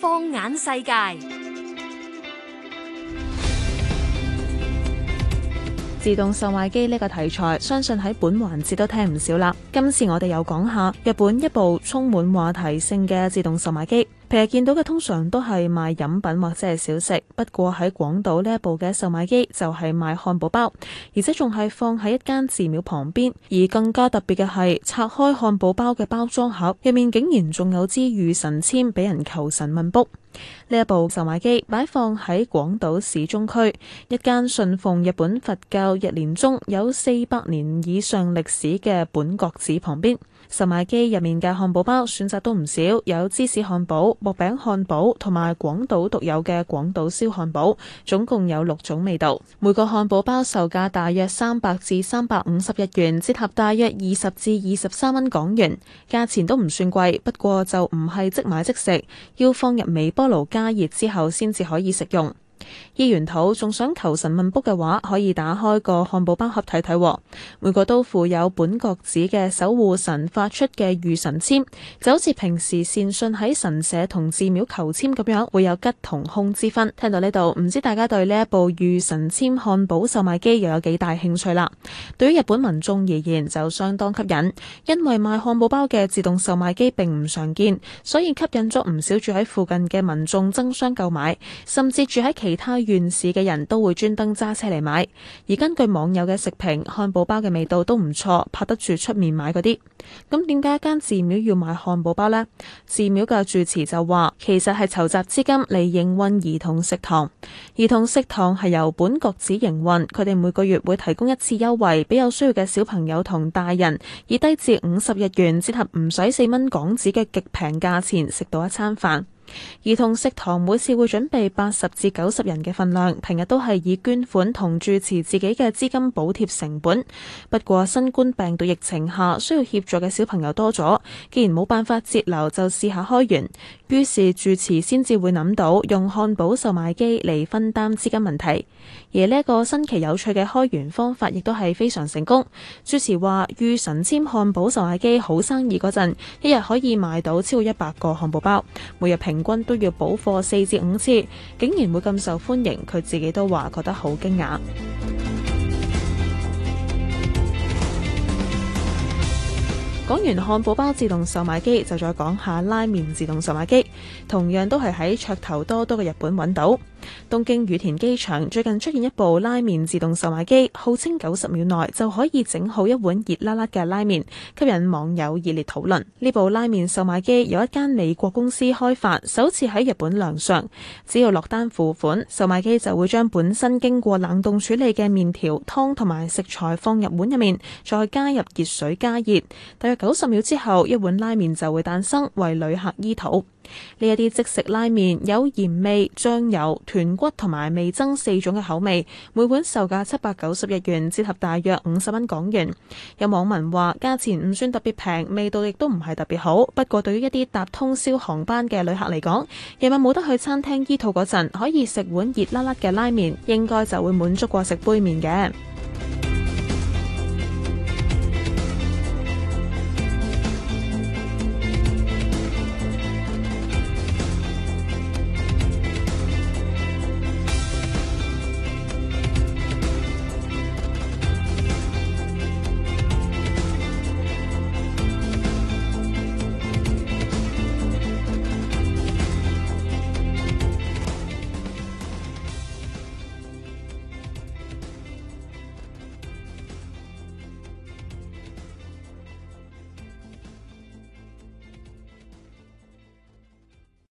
放眼世界，自動售賣機呢個題材，相信喺本環節都聽唔少啦。今次我哋又講下日本一部。充滿話題性嘅自動售賣機，平日見到嘅通常都係賣飲品或者係小食。不過喺廣島呢一部嘅售賣機就係賣漢堡包，而且仲係放喺一間寺廟旁邊。而更加特別嘅係拆開漢堡包嘅包裝盒，入面竟然仲有支御神籤俾人求神問卜。呢一部售賣機擺放喺廣島市中區一間信奉日本佛教日蓮宗有四百年以上歷史嘅本國寺旁邊。售賣機入面嘅漢堡包選擇都唔少，有芝士漢堡、薄餅漢堡同埋廣島獨有嘅廣島燒漢堡，總共有六種味道。每個漢堡包售價大約三百至三百五十日元，折合大約二十至二十三蚊港元，價錢都唔算貴。不過就唔係即買即食，要放入微波爐加熱之後先至可以食用。醫完肚仲想求神問卜嘅話，可以打開個漢堡包盒睇睇。每個都附有本國子嘅守護神發出嘅御神籤，就好似平時善信喺神社同寺廟求籤咁樣，會有吉同凶之分。聽到呢度，唔知大家對呢一部御神籤漢堡售賣機又有幾大興趣啦？對於日本民眾而言就相當吸引，因為賣漢堡包嘅自動售賣機並唔常見，所以吸引咗唔少住喺附近嘅民眾爭相購買，甚至住喺其其他縣市嘅人都會專登揸車嚟買，而根據網友嘅食評，漢堡包嘅味道都唔錯，拍得住出面買嗰啲。咁點解一間寺廟要賣漢堡包呢？寺廟嘅住持就話，其實係籌集資金嚟營運兒童食堂。兒童食堂係由本國子營運，佢哋每個月會提供一次優惠，俾有需要嘅小朋友同大人，以低至五十日元，折合唔使四蚊港紙嘅極平價，價錢，食到一餐飯。兒童食堂每次會準備八十至九十人嘅份量，平日都係以捐款同住持自己嘅資金補貼成本。不過新冠病毒疫情下，需要協助嘅小朋友多咗，既然冇辦法節流，就試下開源。於是住持先至會諗到用漢堡售賣機嚟分擔資金問題。而呢一個新奇有趣嘅開源方法，亦都係非常成功。主持話：御神籤漢堡售賣機好生意嗰陣，一日可以賣到超過一百個漢堡包，每日平均都要補貨四至五次，竟然會咁受歡迎，佢自己都話覺得好驚訝。講 完漢堡包自動售賣機，就再講下拉麵自動售賣機，同樣都係喺噱頭多多嘅日本揾到。東京羽田機場最近出現一部拉麵自動售賣機，號稱九十秒內就可以整好一碗熱辣辣嘅拉麵，吸引網友熱烈討論。呢部拉麵售賣機由一間美國公司開發，首次喺日本亮相。只要落單付款，售賣機就會將本身經過冷凍處理嘅麵條、湯同埋食材放入碗入面，再加入熱水加熱。大約九十秒之後，一碗拉麵就會誕生，為旅客醫肚。呢一啲即食拉麵有鹽味、醬油、豚骨同埋味噌四種嘅口味，每碗售價七百九十日元，折合大約五十蚊港元。有網民話：價錢唔算特別平，味道亦都唔係特別好。不過對於一啲搭通宵航班嘅旅客嚟講，夜晚冇得去餐廳醫肚嗰陣，可以食碗熱辣辣嘅拉麵，應該就會滿足過食杯麵嘅。